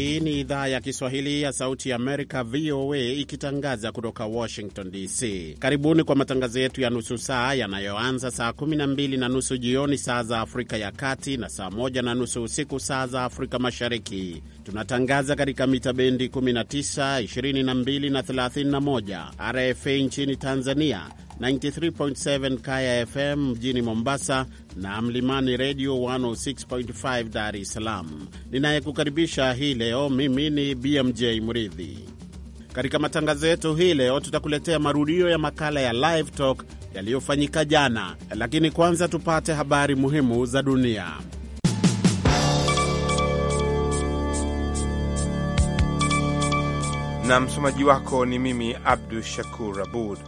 Hii ni idhaa ya Kiswahili ya Sauti ya Amerika, VOA, ikitangaza kutoka Washington DC. Karibuni kwa matangazo yetu ya nusu saa yanayoanza saa 12 na nusu jioni saa za Afrika ya Kati na saa 1 na nusu usiku saa za Afrika Mashariki. Tunatangaza katika mita bendi 19, 22 na 31, RFA nchini Tanzania 93.7 Kaya FM mjini Mombasa na Mlimani Radio 106.5 Dar es Salaam. Ninayekukaribisha hii leo mimi ni BMJ Mridhi. Katika matangazo yetu hii leo tutakuletea marudio ya makala ya Live Talk yaliyofanyika jana, lakini kwanza tupate habari muhimu za dunia. na msomaji wako ni mimi Abdu Shakur Abud.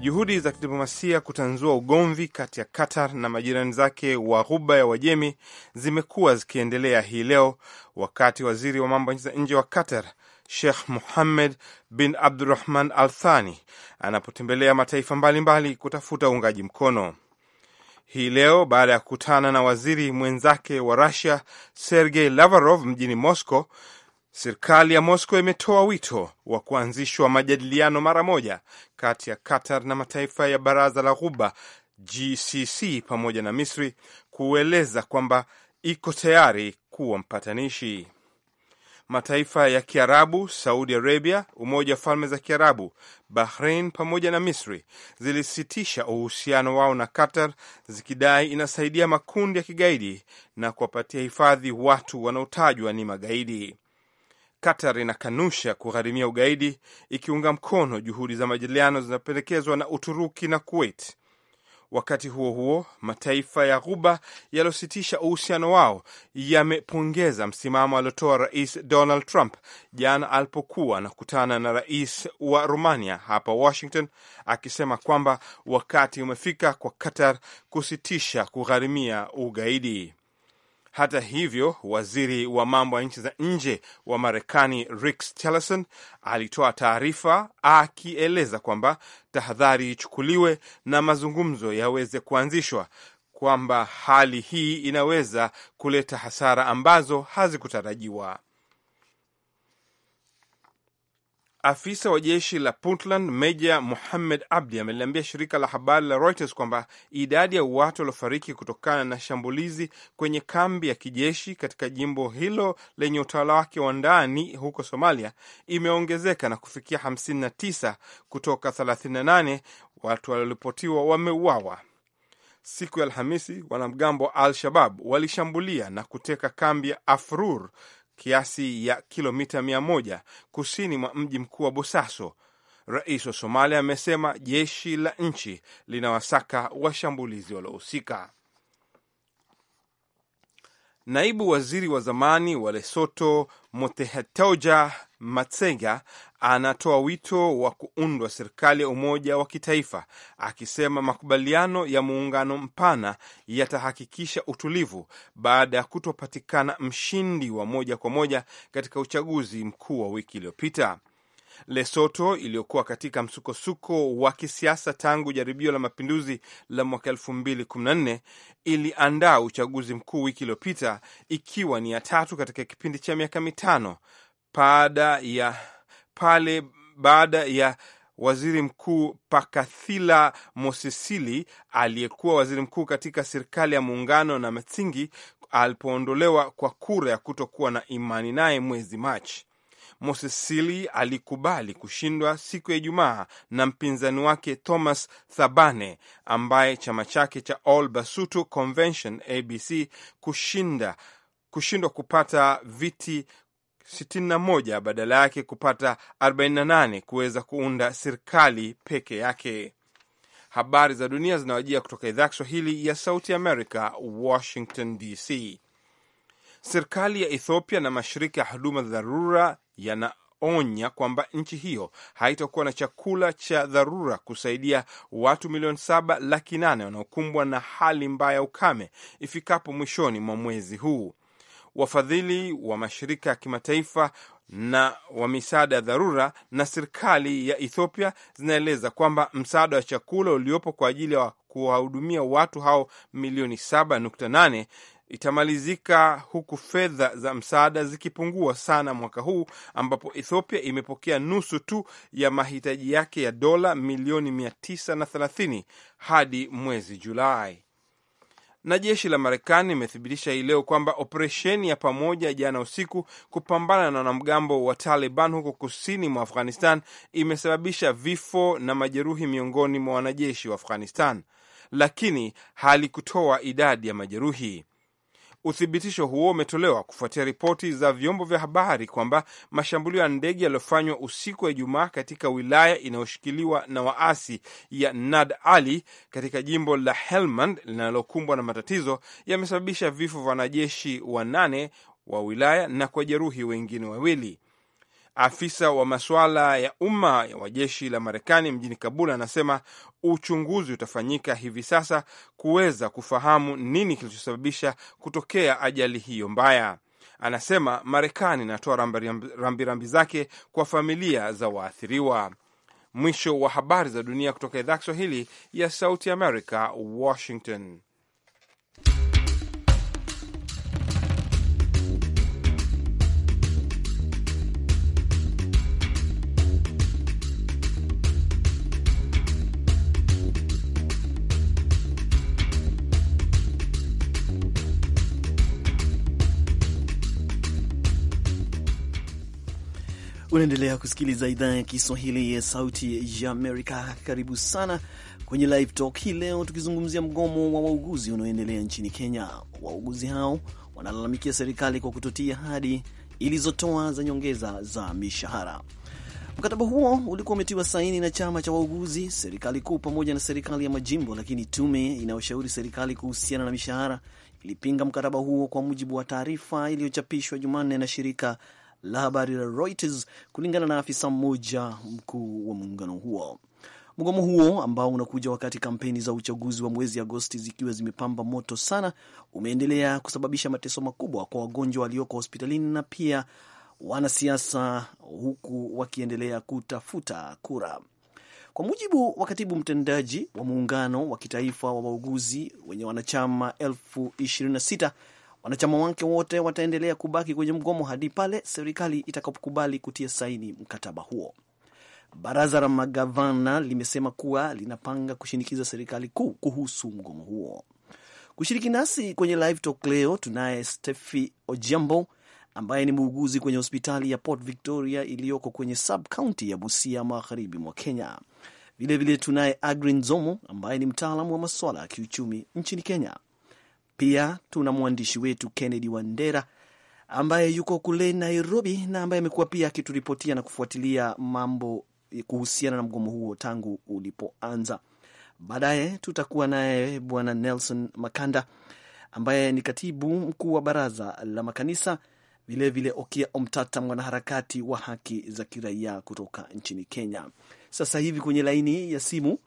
Juhudi za kidiplomasia kutanzua ugomvi kati ya Qatar na majirani zake wa Ghuba ya Uajemi zimekuwa zikiendelea hii leo, wakati waziri wa mambo za nje wa Qatar Sheikh Muhammed bin Abdurahman Al Thani anapotembelea mataifa mbalimbali mbali kutafuta uungaji mkono hii leo baada ya kukutana na waziri mwenzake wa Rusia Sergei Lavarov mjini Moscow. Serikali ya Moscow imetoa wito wa kuanzishwa majadiliano mara moja kati ya Qatar na mataifa ya Baraza la Ghuba GCC pamoja na Misri kueleza kwamba iko tayari kuwa mpatanishi. Mataifa ya Kiarabu, Saudi Arabia, Umoja wa Falme za Kiarabu, Bahrain pamoja na Misri zilisitisha uhusiano wao na Qatar zikidai inasaidia makundi ya kigaidi na kuwapatia hifadhi watu wanaotajwa ni magaidi. Qatar inakanusha kugharimia ugaidi ikiunga mkono juhudi za majadiliano zinapendekezwa na Uturuki na Kuwait. Wakati huo huo, mataifa ya Ghuba yaliyositisha uhusiano wao yamepongeza msimamo aliotoa Rais Donald Trump jana alipokuwa anakutana na rais wa Romania hapa Washington, akisema kwamba wakati umefika kwa Qatar kusitisha kugharimia ugaidi. Hata hivyo, waziri wa mambo ya nchi za nje wa Marekani Rex Tillerson alitoa taarifa akieleza kwamba tahadhari ichukuliwe na mazungumzo yaweze kuanzishwa, kwamba hali hii inaweza kuleta hasara ambazo hazikutarajiwa. Afisa wa jeshi la Puntland Meja Muhammed Abdi ameliambia shirika la habari la Reuters kwamba idadi ya watu waliofariki kutokana na shambulizi kwenye kambi ya kijeshi katika jimbo hilo lenye utawala wake wa ndani huko Somalia imeongezeka na kufikia 59 kutoka 38 watu walioripotiwa wameuawa. Siku ya Alhamisi, wanamgambo wa Al-Shabab walishambulia na kuteka kambi ya Afrur kiasi ya kilomita mia moja kusini mwa mji mkuu wa Bosaso. Rais wa Somalia amesema jeshi la nchi linawasaka washambulizi waliohusika. Naibu waziri wa zamani wa Lesoto motehetoja Matsega anatoa wito wa kuundwa serikali ya umoja wa kitaifa, akisema makubaliano ya muungano mpana yatahakikisha utulivu baada ya kutopatikana mshindi wa moja kwa moja katika uchaguzi mkuu wa wiki iliyopita. Lesoto iliyokuwa katika msukosuko wa kisiasa tangu jaribio la mapinduzi la mwaka nne iliandaa uchaguzi mkuu wiki iliyopita, ikiwa ni ya tatu katika kipindi cha miaka mitano baada ya pale baada ya waziri mkuu Pakathila Mosisili aliyekuwa waziri mkuu katika serikali ya muungano na Matsingi alipoondolewa kwa kura ya kutokuwa na imani naye mwezi Machi. Mosisili alikubali kushindwa siku ya Ijumaa na mpinzani wake Thomas Thabane ambaye chama chake cha All Basutu Convention ABC kushinda kushindwa kupata viti 61 badala yake kupata 48 kuweza kuunda serikali peke yake. Habari za dunia zinawajia kutoka idhaa Kiswahili ya Sauti america Washington DC. Serikali ya Ethiopia na mashirika ya huduma dharura yanaonya kwamba nchi hiyo haitakuwa na chakula cha dharura kusaidia watu milioni saba laki nane wanaokumbwa na hali mbaya ya ukame ifikapo mwishoni mwa mwezi huu wafadhili wa mashirika ya kimataifa na wa misaada ya dharura na serikali ya Ethiopia zinaeleza kwamba msaada wa chakula uliopo kwa ajili ya wa kuwahudumia watu hao milioni 7.8 itamalizika huku fedha za msaada zikipungua sana mwaka huu ambapo Ethiopia imepokea nusu tu ya mahitaji yake ya dola milioni 930 hadi mwezi Julai. Na jeshi la Marekani limethibitisha hii leo kwamba operesheni ya pamoja jana usiku kupambana na wanamgambo wa Taliban huko kusini mwa Afghanistan imesababisha vifo na majeruhi miongoni mwa wanajeshi wa Afghanistan, lakini halikutoa idadi ya majeruhi. Uthibitisho huo umetolewa kufuatia ripoti za vyombo vya habari kwamba mashambulio ya ndege yaliyofanywa usiku wa Ijumaa katika wilaya inayoshikiliwa na waasi ya Nad Ali katika jimbo la Helmand linalokumbwa na matatizo yamesababisha vifo vya wanajeshi wanane wa wilaya na kujeruhi wengine wawili. Afisa wa masuala ya umma wa jeshi la Marekani mjini Kabul anasema uchunguzi utafanyika hivi sasa kuweza kufahamu nini kilichosababisha kutokea ajali hiyo mbaya. Anasema Marekani inatoa rambirambi rambi zake kwa familia za waathiriwa. Mwisho wa habari za dunia kutoka idhaa Kiswahili ya Sauti America, Washington. Unaendelea kusikiliza idhaa ya Kiswahili ya Sauti ya Amerika. Karibu sana kwenye Live Talk hii leo, tukizungumzia mgomo wa wauguzi unaoendelea nchini Kenya. Wauguzi hao wanalalamikia serikali kwa kutotia ahadi ilizotoa za nyongeza za mishahara. Mkataba huo ulikuwa umetiwa saini na chama cha wauguzi, serikali kuu pamoja na serikali ya majimbo, lakini tume inayoshauri serikali kuhusiana na mishahara ilipinga mkataba huo, kwa mujibu wa taarifa iliyochapishwa Jumanne na shirika la habari la Reuters, kulingana na afisa mmoja mkuu wa muungano huo. Mgomo huo ambao unakuja wakati kampeni za uchaguzi wa mwezi Agosti zikiwa zimepamba moto sana, umeendelea kusababisha mateso makubwa kwa wagonjwa walioko hospitalini na pia wanasiasa, huku wakiendelea kutafuta kura. Kwa mujibu wa katibu mtendaji wa muungano wa kitaifa wa wauguzi wenye wanachama elfu Wanachama wake wote wataendelea kubaki kwenye mgomo hadi pale serikali itakapokubali kutia saini mkataba huo. Baraza la magavana limesema kuwa linapanga kushinikiza serikali kuu kuhusu mgomo huo. Kushiriki nasi kwenye live talk leo tunaye Stefi Ojiambo ambaye ni muuguzi kwenye hospitali ya Port Victoria iliyoko kwenye sub county ya Busia, magharibi mwa Kenya. Vilevile tunaye Agrin Zomo ambaye ni mtaalamu wa masuala ya kiuchumi nchini Kenya. Pia tuna mwandishi wetu Kennedy Wandera ambaye yuko kule Nairobi na ambaye amekuwa pia akituripotia na kufuatilia mambo kuhusiana na mgomo huo tangu ulipoanza. Baadaye tutakuwa naye Bwana Nelson Makanda ambaye ni katibu mkuu wa baraza la makanisa, vilevile Okia Omtata, mwanaharakati wa haki za kiraia kutoka nchini Kenya. Sasa hivi kwenye laini ya simu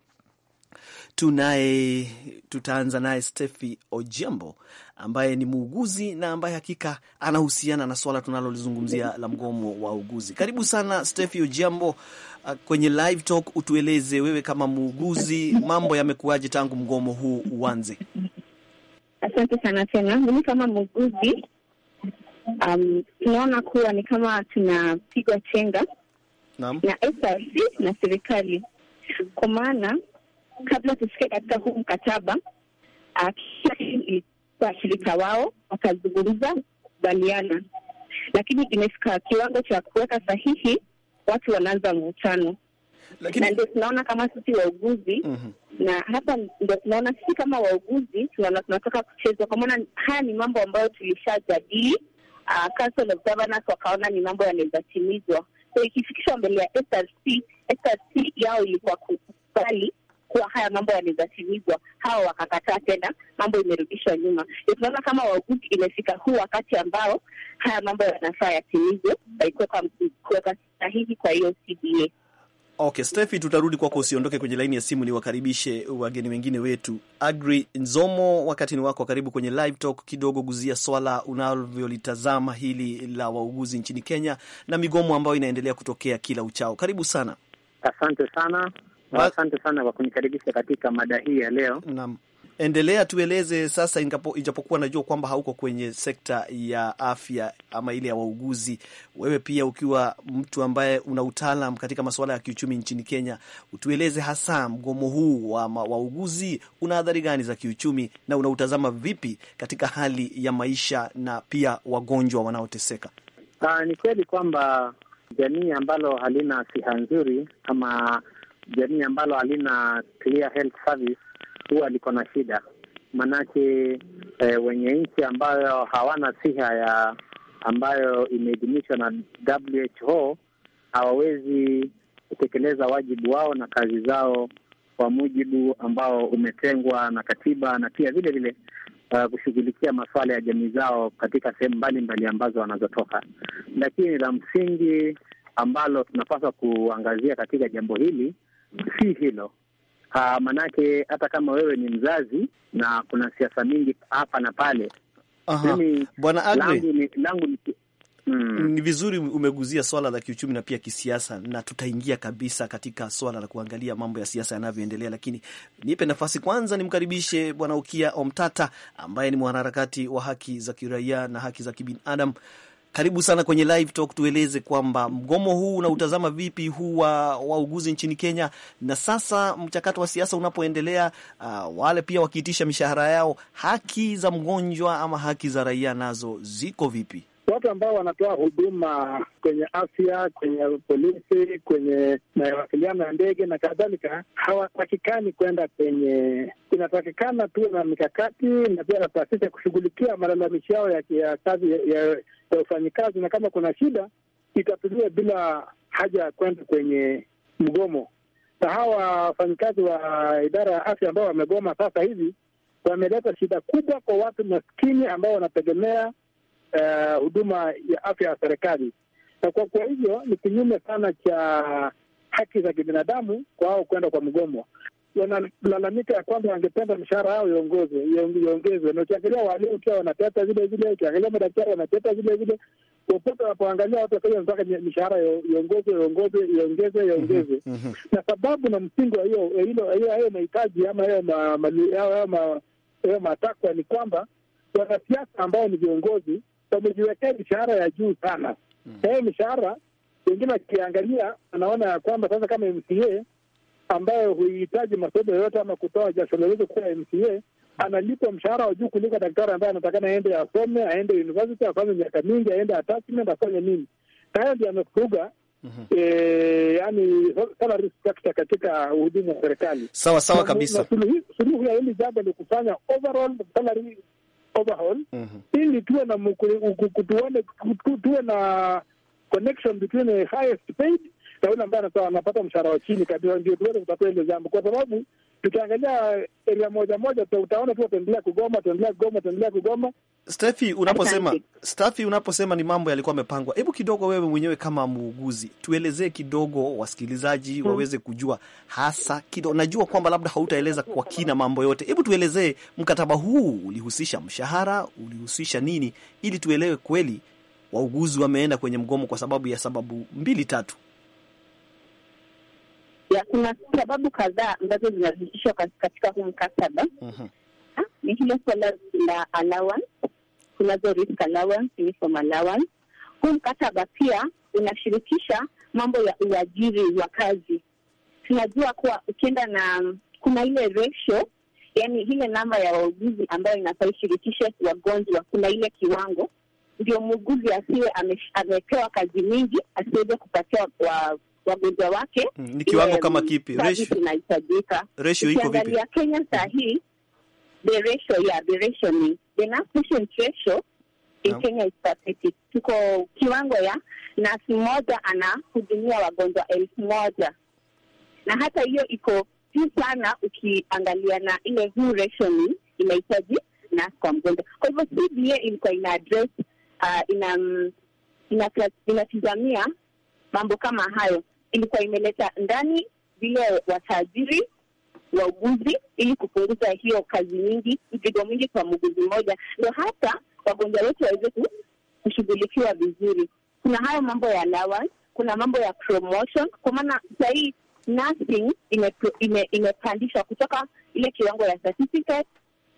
tunaye tutaanza naye Stefi Ojembo ambaye ni muuguzi na ambaye hakika anahusiana na swala tunalolizungumzia la mgomo wa uguzi. Karibu sana Stefi Ojembo uh, kwenye Live Talk, utueleze wewe kama muuguzi, mambo yamekuwaje tangu mgomo huu uanze? Asante sana tena. Mimi kama muuguzi um, tunaona kuwa ni kama tunapigwa chenga na SRC na serikali kwa maana kabla tufike katika huu mkataba washirika wao wakazungumza, kubaliana, lakini imefika kiwango cha kuweka sahihi, watu wanaanza mvutano lakini... na ndio tunaona kama sisi wauguzi mm -hmm. na hapa ndio tunaona sisi kama wauguzi tunataka kuchezwa, kwa maana haya ni mambo ambayo tulishajadili. Uh, Council of Governors wakaona ni mambo yanaweza timizwa, so ikifikishwa mbele ya SRC, SRC yao ilikuwa kukubali kuwa haya mambo yamezatimizwa, hawa wakakataa tena, mambo imerudishwa nyuma. Tunaona kama wauguzi, imefika huu wakati ambao haya mambo yanafaa yatimizwe kuweka sahihi kwa hiyo CBA. Okay, Stefi, tutarudi kwako, usiondoke kwenye laini ya simu, ni wakaribishe wageni wengine wetu. Agri Nzomo, wakati ni wako, karibu kwenye live talk. Kidogo guzia swala unavyolitazama hili la wauguzi nchini Kenya na migomo ambayo inaendelea kutokea kila uchao. Karibu sana. Asante sana. Asante sana kwa kunikaribisha katika mada hii ya leo. Naam, endelea tueleze sasa, ijapokuwa najua kwamba hauko kwenye sekta ya afya ama ile ya wauguzi, wewe pia ukiwa mtu ambaye una utaalam katika masuala ya kiuchumi nchini Kenya, utueleze hasa mgomo huu wa wauguzi una adhari gani za kiuchumi na unautazama vipi katika hali ya maisha na pia wagonjwa wanaoteseka? Ah, ni kweli kwamba jamii ambalo halina siha nzuri kama jamii ambalo halina clear health service huwa liko na shida, maanake e, eh, wenye nchi ambayo hawana siha ya ambayo imeidhinishwa na WHO hawawezi kutekeleza wajibu wao na kazi zao kwa mujibu ambao umetengwa na katiba na pia vile vile uh, kushughulikia masuala ya jamii zao katika sehemu mbalimbali ambazo wanazotoka. Lakini la msingi ambalo tunapaswa kuangazia katika jambo hili si hilo uh, maanake hata kama wewe ni mzazi na kuna siasa mingi hapa na pale. Bwana Agre, langu ni Mm. Ni vizuri umeguzia swala la kiuchumi na pia kisiasa, na tutaingia kabisa katika swala la kuangalia mambo ya siasa yanavyoendelea, lakini nipe nafasi kwanza nimkaribishe Bwana Ukia Omtata ambaye ni mwanaharakati wa haki za kiraia na haki za kibinadamu karibu sana kwenye live talk, tueleze kwamba mgomo huu unautazama vipi huu wa wauguzi nchini Kenya, na sasa mchakato wa siasa unapoendelea, uh, wale pia wakiitisha mishahara yao, haki za mgonjwa ama haki za raia nazo ziko vipi? watu ambao wanatoa huduma kwenye afya, kwenye polisi, kwenye mawasiliano ya ndege na kadhalika, hawatakikani kwenda kwenye. Inatakikana tuwe na mikakati na pia na taasisi ya kushughulikia malalamishi yao ya, ya kazi ya, ya, ya ufanyikazi, na kama kuna shida itatuliwe bila haja ya kwenda kwenye mgomo. Na hawa wafanyikazi wa idara ya afya ambao wamegoma sasa hivi wameleta shida kubwa kwa watu maskini ambao wanategemea Eh, huduma uh, ya afya ya serikali, na kwa kuwa hivyo ni kinyume sana cha haki za kibinadamu kwa wao kwenda kwa mgomo. Wanalalamika ya kwamba wangependa mshahara yao iongezwe, na ukiangalia walimu pia wanateta vile ukiangalia madaktari wanateta vile Popote wanapoangalia watu wakaa wanataka mishahara iongezwe iongezwe iongezwe mm-hmm, iongezwe, mm-hmm. na sababu na msingi wa hiyo eh, hayo mahitaji ama hayo matakwa ni kwamba wanasiasa ambao ni viongozi wamejiwekea mishahara ya juu sana. Hmm. Kwa hiyo mishahara wengine akiangalia, anaona ya kwamba sasa kama MCA ambayo huihitaji masomo yoyote ama kutoa jasho lolote kuwa MCA analipwa mshahara wa juu kuliko daktari ambaye anatakana aende asome, aende university, afanye miaka mingi, aende attachment, afanye nini. Na hayo ndio amefuruga mhm. eh, yani salary structure katika uhudumu wa serikali. Sawa sawa kabisa. Suluhu ya hili jambo ni kufanya overall salary overhaul mm -hmm. ili tuwe na tuwe na connection between the highest paid na yule ambaye anapata mshahara wa chini kabisa, ndio tuweze kutatua hilo jambo, kwa sababu tukiangalia eria eh, moja moja utaona tu wataendelea kugoma, wataendelea kugoma, wataendelea kugoma. Stefi, unaposema Stefi, unaposema ni mambo yalikuwa yamepangwa, hebu kidogo wewe mwenyewe kama muuguzi tuelezee kidogo, wasikilizaji hmm, waweze kujua hasa kidogo. Najua kwamba labda hautaeleza kwa kina mambo yote, hebu tuelezee mkataba huu ulihusisha mshahara, ulihusisha nini, ili tuelewe kweli wauguzi wameenda kwenye mgomo kwa sababu ya sababu mbili tatu ya kuna sababu kadhaa ambazo zinazitishwa katika huu mkataba uh-huh. Ni hilo suala la allowance, kunazo risk allowance, uniform allowance. Huu mkataba pia unashirikisha mambo ya uajiri wa kazi. Tunajua kuwa ukienda na kuna ile ratio, yani ile namba ya wauguzi ambayo inafaa ishirikishe wagonjwa, kuna ile kiwango, ndio muuguzi asiwe amepewa kazi mingi asiweze kupatia wagonjwa wake mm, ni kiwango eh, kama kipi? Ratio inahitajika. Ratio iko vipi? Ya Kenya saa hii the ratio ya the ratio ni the nurse patient ratio in Kenya is pathetic. Tuko kiwango ya nasi moja anahudumia wagonjwa elfu moja na hata hiyo iko juu sana, ukiangalia na ile WHO ratio ni inahitaji nasi kwa mgonjwa. Kwa hivyo CBA ilikuwa ina address uh, ina mm, ina, inatizamia mambo kama hayo ilikuwa imeleta ndani vile wataajiri wauguzi ili kupunguza hiyo kazi nyingi, mzigo mwingi kwa muguzi mmoja, ndo hata wagonjwa wetu waweze kushughulikiwa vizuri. Kuna hayo mambo ya allowance, kuna mambo ya promotion, kwa maana sahii nursing imepandishwa ime, ime kutoka ile kiwango ya certificate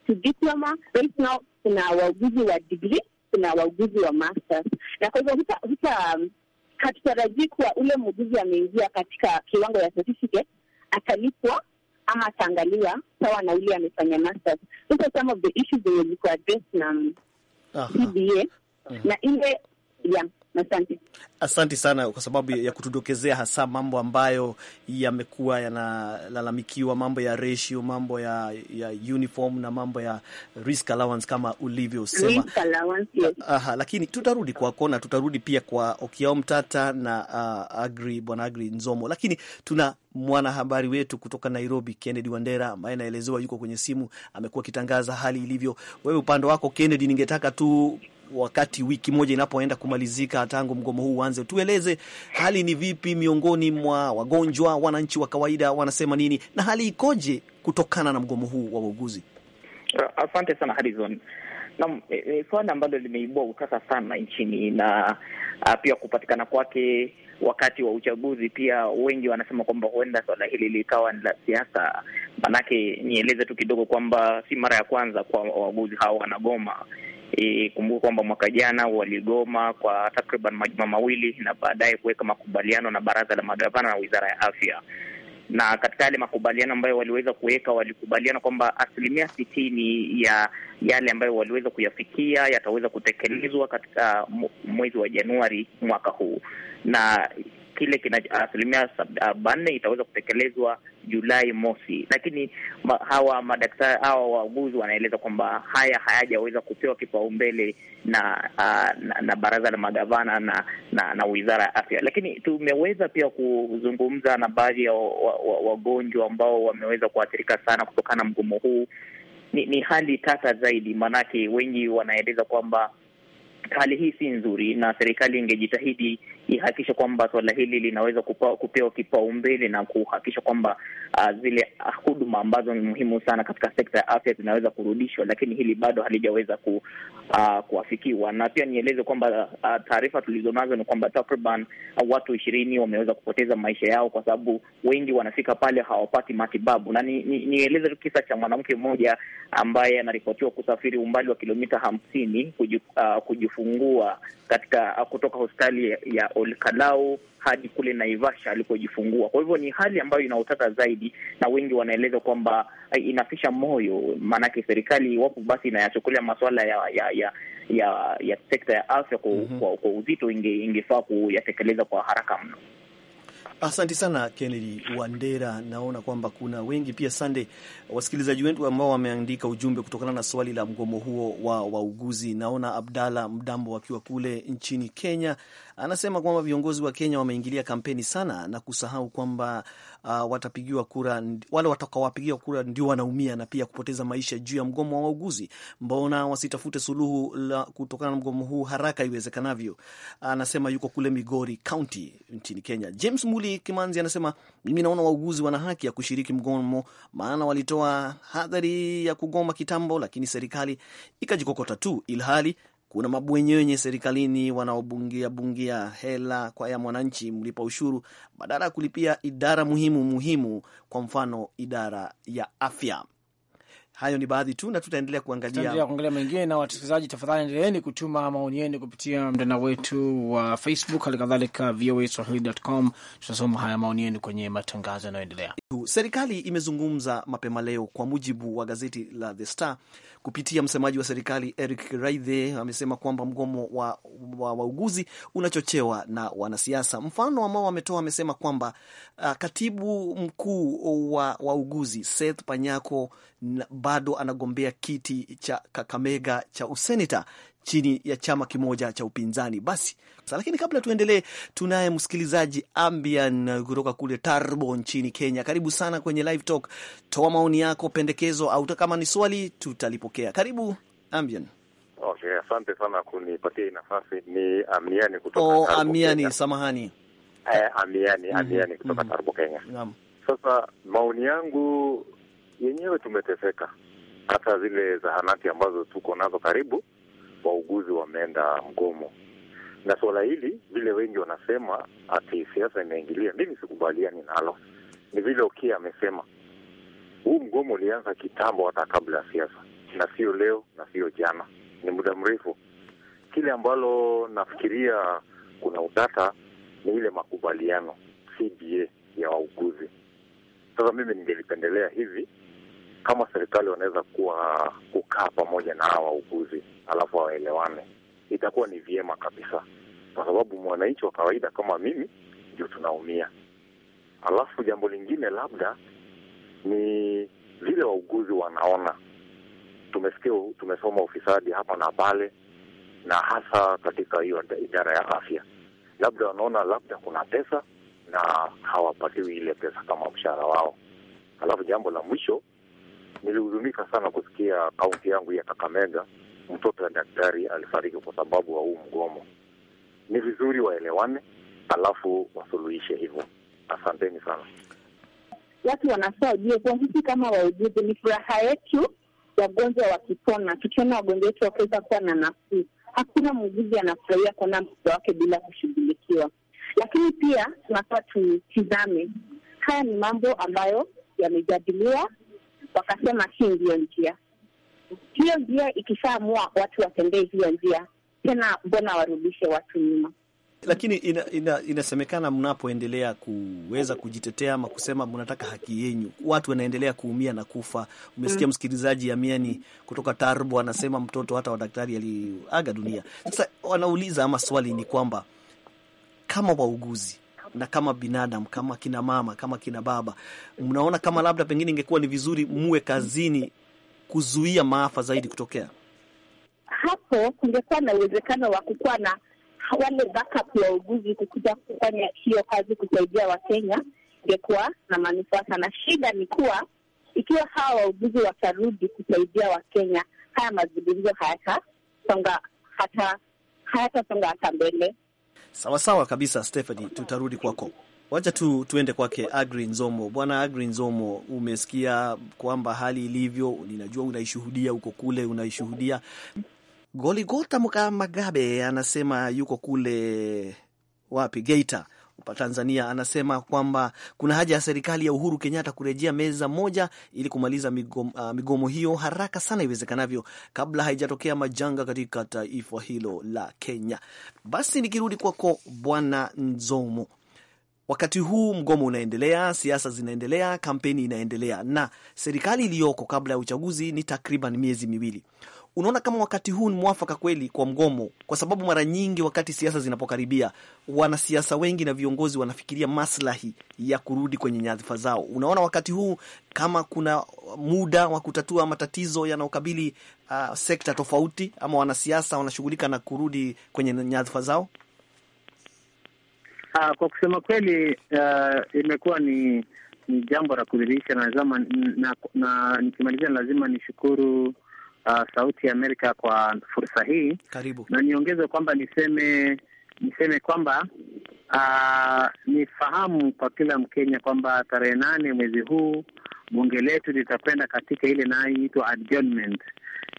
to diploma. Right now kuna wauguzi wa degree, kuna wauguzi wa masters, na kwa hivyo huta, huta um, hatutarajii kuwa ule muuguzi ameingia katika kiwango ya certificate atalipwa ama ataangaliwa sawa na ule amefanya masters. Those are some of the issues zenye ziko addressed na TBA mm. na ile ya Asante, asante sana kwa sababu ya kutudokezea hasa mambo ambayo yamekuwa yanalalamikiwa, mambo ya ratio, mambo ya, ya uniform na mambo ya risk allowance kama ulivyosema. Yes. Aha, lakini tutarudi kwako na tutarudi pia kwa Okiao Mtata na uh, Agri Bwana Agri Nzomo, lakini tuna mwanahabari wetu kutoka Nairobi Kennedy Wandera ambaye anaelezewa yuko kwenye simu, amekuwa akitangaza hali ilivyo. Wewe upande wako Kennedy, ningetaka tu wakati wiki moja inapoenda kumalizika tangu mgomo huu uanze, tueleze hali ni vipi miongoni mwa wagonjwa, wananchi wa kawaida wanasema nini na hali ikoje kutokana na mgomo huu wa wauguzi? Asante sana harizon Naam, ni e, e, suala ambalo limeibua utata sana nchini na a, pia kupatikana kwake wakati wa uchaguzi. Pia wengi wanasema kwamba huenda swala hili likawa ni la siasa. Manake nieleze tu kidogo kwamba si mara ya kwanza kwa wauguzi hao wanagoma. Ikumbuke kwamba mwaka jana waligoma kwa takriban majuma mawili na baadaye kuweka makubaliano na baraza la magavana na wizara ya afya na katika yale makubaliano ambayo waliweza kuweka walikubaliana kwamba asilimia sitini ya yale ambayo waliweza kuyafikia yataweza kutekelezwa katika mwezi wa Januari mwaka huu, na kile kina asilimia arobaini ah, itaweza kutekelezwa Julai mosi, lakini ma, hawa madaktari hawa wauguzi wanaeleza kwamba haya hayajaweza kupewa kipaumbele na, uh, na na baraza la magavana na na, na wizara ya afya, lakini tumeweza pia kuzungumza na baadhi ya wagonjwa wa, wa ambao wameweza kuathirika sana kutokana na mgomo huu. Ni, ni hali tata zaidi, maanake wengi wanaeleza kwamba hali hii si nzuri na serikali ingejitahidi ihakikishe kwamba suala hili linaweza kupewa kipaumbele na kuhakikisha kwamba uh, zile ah, huduma ambazo ni muhimu sana katika sekta ya afya zinaweza kurudishwa, lakini hili bado halijaweza ku, uh, kuafikiwa. Na pia nieleze kwamba uh, taarifa tulizonazo ni kwamba takriban uh, watu ishirini wameweza kupoteza maisha yao kwa sababu wengi wanafika pale hawapati matibabu. Na nieleze ni, ni kisa cha mwanamke mmoja ambaye anaripotiwa kusafiri umbali wa kilomita hamsini kujifungua katika kutoka hospitali ya Kalau hadi kule Naivasha alikojifungua. Kwa hivyo ni hali ambayo inaotata zaidi, na wengi wanaeleza kwamba eh, inafisha moyo, maanake serikali iwapo basi inayachukulia masuala ya ya ya ya, ya sekta ya afya kwa, mm -hmm. kwa, kwa uzito, ingefaa inge kuyatekeleza kwa haraka mno. Asante sana Kennedy Wandera, naona kwamba kuna wengi pia sande wasikilizaji wetu ambao wameandika ujumbe kutokana na swali la mgomo huo wa wauguzi. Naona Abdala Mdambo akiwa kule nchini Kenya anasema kwamba viongozi wa Kenya wameingilia kampeni sana na kusahau kwamba uh, watapigiwa kura, wale watakawapigiwa kura ndio wanaumia na pia kupoteza maisha juu ya mgomo wa wauguzi. Mbona wasitafute suluhu la kutokana na mgomo huu haraka iwezekanavyo? Anasema yuko kule Migori County nchini Kenya. James Muli Kimanzi anasema mimi naona wauguzi wana haki ya kushiriki mgomo, maana walitoa hadhari ya kugoma kitambo, lakini serikali ikajikokota tu, ilhali kuna mabwenyenye serikalini wanaobungia bungia hela kwa ya mwananchi mlipa ushuru badala ya kulipia idara muhimu muhimu, kwa mfano idara ya afya. Hayo ni baadhi tu na tutaendelea kuangalia kuangalia mengine. Na wasikilizaji, tafadhali endeleeni kutuma maoni yenu kupitia mtandao wetu wa Facebook, hali kadhalika VOA Swahili.com. Tutasoma haya maoni yenu kwenye matangazo yanayoendelea. Serikali imezungumza mapema leo, kwa mujibu wa gazeti la The Star kupitia msemaji wa serikali Eric Raidhe amesema kwamba mgomo wa wauguzi wa unachochewa na wanasiasa. Mfano ambao ametoa amesema kwamba uh, katibu mkuu wa wauguzi Seth Panyako bado anagombea kiti cha Kakamega cha useneta chini ya chama kimoja cha upinzani. Basi lakini kabla tuendelee, tunaye msikilizaji Ambian kutoka kule Tarbo nchini Kenya. Karibu sana kwenye Live Talk, toa maoni yako, pendekezo au kama ni swali tutalipokea. Karibu Ambian. Okay, asante sana kunipatia nafasi. Ni Amiani kutoka oh, Tarbo, Amiani Kenya. Samahani eh, Amiani, Amiani mm -hmm, kutoka mm -hmm. Tarbo Kenya. Naam. Sasa maoni yangu yenyewe tumeteseka. Hata zile zahanati ambazo tuko nazo karibu, wauguzi wameenda mgomo, na suala hili vile wengi wanasema ati siasa imeingilia, mimi sikubaliani nalo. Ni vile Okia amesema huu mgomo ulianza kitambo, hata kabla ya siasa, na sio leo na sio jana, ni muda mrefu. Kile ambalo nafikiria kuna utata ni ile makubaliano CBA ya wauguzi. Sasa mimi ningelipendelea hivi kama serikali wanaweza kuwa kukaa pamoja na hawa wauguzi alafu waelewane, itakuwa ni vyema kabisa, kwa sababu mwananchi wa kawaida kama mimi ndio tunaumia. Alafu jambo lingine labda ni vile wauguzi wanaona, tumesikia tumesoma ufisadi hapa na pale, na hasa katika hiyo idara ya afya, labda wanaona labda kuna pesa na hawapatiwi ile pesa kama mshahara wao. Alafu jambo la mwisho Nilihuzunika sana kusikia kaunti yangu ya Kakamega mtoto ya daktari alifariki kwa sababu wa huu mgomo. Ni vizuri waelewane, alafu wasuluhishe hivyo. Asanteni sana. Watu wanafaa wajue kuwa sisi kama wauguzi ni furaha yetu wagonjwa wakipona, tukiona wagonjwa wetu wakiweza kuwa na nafuu. Hakuna muuguzi anafurahia kuona mtoto wake bila kushughulikiwa, lakini pia tunafaa tutizame, haya ni mambo ambayo yamejadiliwa wakasema hii ndiyo njia. Hiyo njia ikishaamua watu watembee hiyo njia tena, mbona warudishe watu nyuma? Lakini ina, ina, inasemekana mnapoendelea kuweza kujitetea ama kusema mnataka haki yenyu, watu wanaendelea kuumia na kufa. Umesikia mm, msikilizaji Amiani kutoka Tarbo anasema mtoto hata wa daktari aliaga dunia. Sasa wanauliza ama swali ni kwamba kama wauguzi na kama binadamu, kama kina mama, kama kina baba, mnaona kama labda pengine ingekuwa ni vizuri muwe kazini kuzuia maafa zaidi kutokea? Hapo kungekuwa na uwezekano wa kukuwa na wale backup ya uguzi kukuja kufanya hiyo kazi, kusaidia Wakenya, ingekuwa na manufaa sana. Shida ni kuwa ikiwa hawa wauguzi watarudi kusaidia Wakenya, haya mazungumzo hayatasonga hata hayatasonga hata mbele Sawasawa kabisa, Stephanie, tutarudi kwako. Wacha tu tuende kwake Agri Nzomo. Bwana Agri Nzomo, umesikia kwamba hali ilivyo, ninajua unaishuhudia huko kule, unaishuhudia. Goligota Magabe anasema yuko kule wapi, Geita Tanzania anasema kwamba kuna haja ya serikali ya Uhuru Kenyatta kurejea meza moja ili kumaliza migomo, uh, migomo hiyo haraka sana iwezekanavyo kabla haijatokea majanga katika taifa hilo la Kenya. Basi nikirudi kwako Bwana Nzomo, wakati huu mgomo unaendelea, siasa zinaendelea, kampeni inaendelea, na serikali iliyoko kabla ya uchaguzi ni takriban miezi miwili. Unaona kama wakati huu ni mwafaka kweli kwa mgomo? Kwa sababu mara nyingi wakati siasa zinapokaribia, wanasiasa wengi na viongozi wanafikiria maslahi ya kurudi kwenye nyadhifa zao. Unaona wakati huu kama kuna muda wa kutatua matatizo yanayokabili uh, sekta tofauti, ama wanasiasa wanashughulika na kurudi kwenye nyadhifa zao? Ha, ah, kwa kusema kweli uh, imekuwa ni ni jambo la kuridhisha na, na, na nikimalizia lazima nishukuru uh, Sauti ya Amerika kwa fursa hii. Karibu. Na niongeze kwamba niseme niseme kwamba uh, nifahamu kwa kila Mkenya kwamba tarehe nane mwezi huu bunge letu litakwenda katika ile inayoitwa adjournment,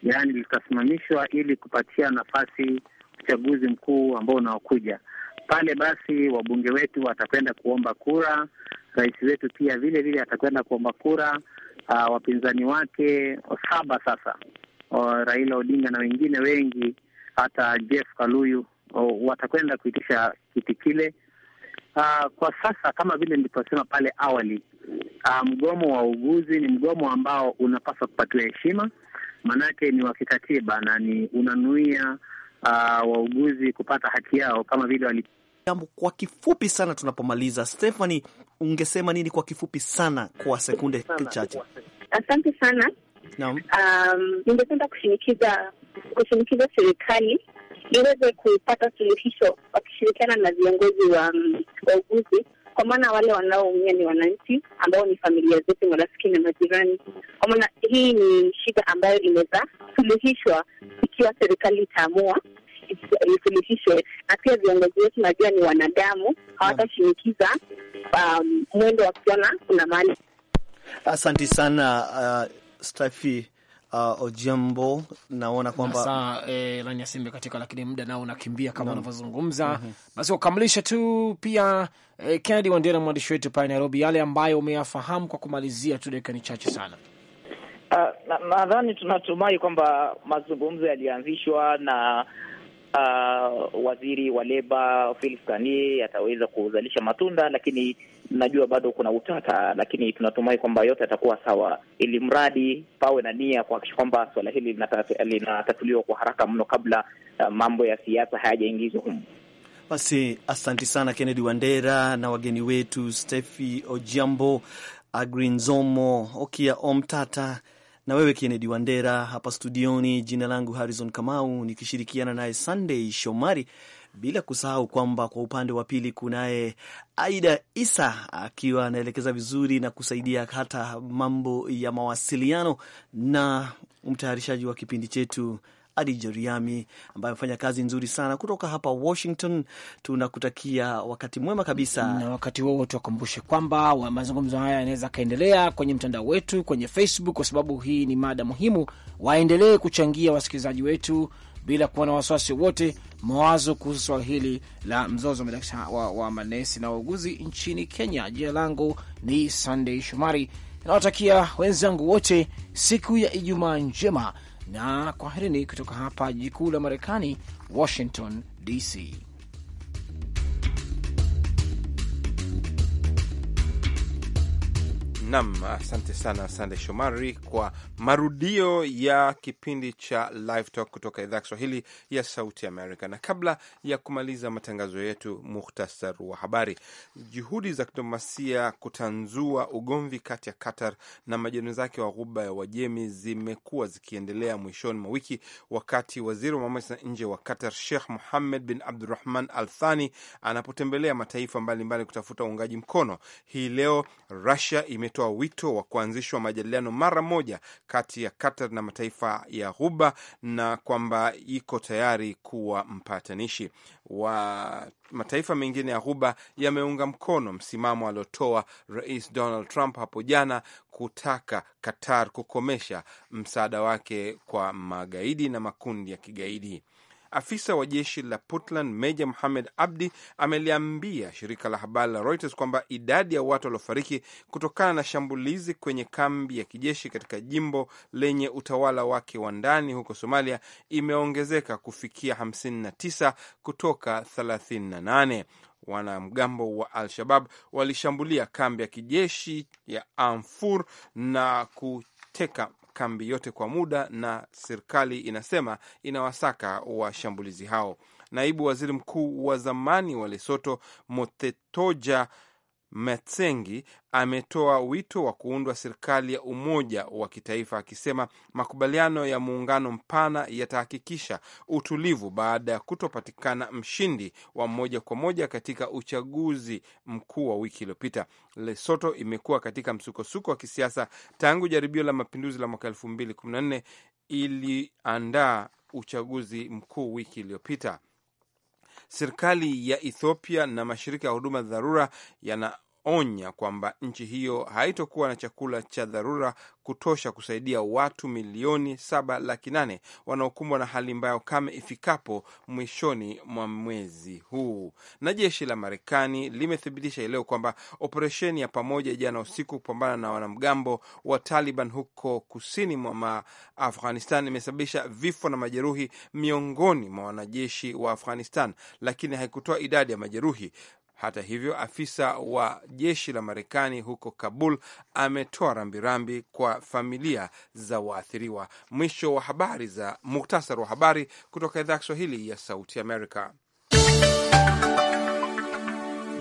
yaani litasimamishwa ili kupatia nafasi uchaguzi mkuu ambao unaokuja pale. Basi wabunge wetu watakwenda kuomba kura, rais wetu pia vile vile atakwenda kuomba kura, uh, wapinzani wake saba sasa Raila Odinga na wengine wengi, hata Jeff Kaluyu watakwenda kuitisha kiti kile. Uh, kwa sasa kama vile nilivyosema pale awali, uh, mgomo wa uguzi ni mgomo ambao unapaswa kupatiwa heshima, maanake ni wa kikatiba na ni unanuia uh, wauguzi kupata haki yao kama vile wali... Kwa kifupi sana tunapomaliza, Stephanie, ungesema nini kwa kifupi sana kwa sekunde chache? Asante sana. Um, ningependa um, kushinikiza kushinikiza serikali iweze kupata suluhisho wakishirikiana na viongozi wa um, wauguzi, kwa maana wale wanaoumia ni wananchi ambao ni familia zetu, marafiki na majirani. Kwa maana hii ni shida ambayo imeza suluhishwa ikiwa serikali itaamua isuluhishwe, na pia viongozi wetu najua ni wanadamu, hawatashinikiza um, mwendo wa kuona kuna mali. Asanti sana uh... Stafi uh, Ojembo naona kwamba sasa e, eh, lani ya simbe katika, lakini muda nao unakimbia kama unavyozungumza mm -hmm. Basi ukamilishe tu pia e, Kennedy Wandera, mwandishi wetu pale Nairobi, yale ambayo umeyafahamu kwa kumalizia tu, dakika ni chache sana. Uh, nadhani na tunatumai kwamba mazungumzo yalianzishwa na uh, waziri wa leba Philip Kanie yataweza kuzalisha matunda, lakini najua bado kuna utata, lakini tunatumai kwamba yote yatakuwa sawa, ili mradi pawe na nia kuhakikisha kwamba suala hili linatatuliwa kwa haraka mno kabla uh, mambo ya siasa hayajaingizwa humu. Basi asanti sana Kennedy Wandera na wageni wetu Stefi Ojiambo, Agrinzomo Okia Omtata na wewe Kennedy Wandera hapa studioni. Jina langu Harrison Kamau nikishirikiana naye Sunday Shomari bila kusahau kwamba kwa upande wa pili kunaye Aida Isa akiwa anaelekeza vizuri na kusaidia hata mambo ya mawasiliano na mtayarishaji wa kipindi chetu Adi Jeriami ambaye amefanya kazi nzuri sana. Kutoka hapa Washington tunakutakia wakati mwema kabisa, na wakati huo wakumbushe kwamba wa mazungumzo haya yanaweza akaendelea kwenye mtandao wetu kwenye Facebook, kwa sababu hii ni mada muhimu. Waendelee kuchangia wasikilizaji wetu bila kuwa na wasiwasi wote mawazo kuhusu swala hili la mzozo wa, wa manesi na wauguzi nchini Kenya. Jina langu ni Sunday Shomari, nawatakia wenzangu wote siku ya Ijumaa njema na kwaherini kutoka hapa jiji kuu la Marekani, Washington DC. Nam, asante sana Sande Shomari kwa marudio ya kipindi cha Live Talk kutoka idhaa ya Kiswahili ya Sauti Amerika. Na kabla ya kumaliza matangazo yetu, muhtasar wa habari. Juhudi za kidiplomasia kutanzua ugomvi kati ya Qatar na majirani zake wa Ghuba ya Uajemi zimekuwa zikiendelea mwishoni mwa wiki, wakati waziri wa mambo ya nje wa Qatar Sheikh Mohammed bin Abdurahman Al Thani anapotembelea mataifa mbalimbali mbali kutafuta uungaji mkono. Hii leo Rusia ametoa wito wa kuanzishwa majadiliano mara moja kati ya Qatar na mataifa ya Ghuba na kwamba iko tayari kuwa mpatanishi wa mataifa mengine ya Ghuba yameunga mkono msimamo aliotoa Rais Donald Trump hapo jana kutaka Qatar kukomesha msaada wake kwa magaidi na makundi ya kigaidi. Afisa wa jeshi la Puntland Meja Muhamed Abdi ameliambia shirika la habari la Reuters kwamba idadi ya watu waliofariki kutokana na shambulizi kwenye kambi ya kijeshi katika jimbo lenye utawala wake wa ndani huko Somalia imeongezeka kufikia 59 kutoka 38. Wanamgambo wa Al-Shabab walishambulia kambi ya kijeshi ya Anfur na kuteka kambi yote kwa muda, na serikali inasema inawasaka washambulizi hao. Naibu waziri mkuu wa zamani wa Lesoto Motetoja Metsengi ametoa wito wa kuundwa serikali ya umoja wa kitaifa akisema makubaliano ya muungano mpana yatahakikisha utulivu baada ya kutopatikana mshindi wa moja kwa moja katika uchaguzi mkuu wa wiki iliyopita. Lesoto imekuwa katika msukosuko wa kisiasa tangu jaribio la mapinduzi la mwaka elfu mbili kumi na nne iliandaa uchaguzi mkuu wiki iliyopita. Serikali ya Ethiopia na mashirika ya huduma za dharura yana onya kwamba nchi hiyo haitokuwa na chakula cha dharura kutosha kusaidia watu milioni saba laki nane wanaokumbwa na hali mbaya ukame ifikapo mwishoni mwa mwezi huu. Na jeshi la Marekani limethibitisha leo kwamba operesheni ya pamoja jana usiku kupambana na wanamgambo wa Taliban huko kusini mwa Afghanistan imesababisha vifo na majeruhi miongoni mwa wanajeshi wa Afghanistan, lakini haikutoa idadi ya majeruhi hata hivyo, afisa wa jeshi la Marekani huko Kabul ametoa rambirambi kwa familia za waathiriwa. Mwisho wa habari za muktasari wa habari kutoka idhaa ya Kiswahili ya Sauti Amerika.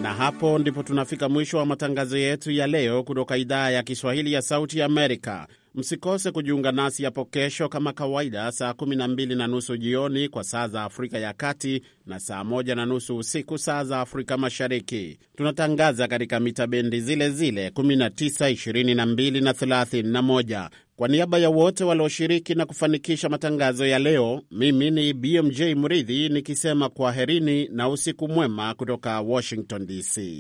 Na hapo ndipo tunafika mwisho wa matangazo yetu ya leo kutoka idhaa ya Kiswahili ya Sauti Amerika. Msikose kujiunga nasi hapo kesho kama kawaida, saa 12 na nusu jioni kwa saa za Afrika ya Kati na saa 1 na nusu usiku saa za Afrika Mashariki. Tunatangaza katika mita bendi zile zile 19, 22 na 31. Kwa niaba ya wote walioshiriki na kufanikisha matangazo ya leo, mimi ni BMJ Mridhi nikisema kwaherini na usiku mwema kutoka Washington DC.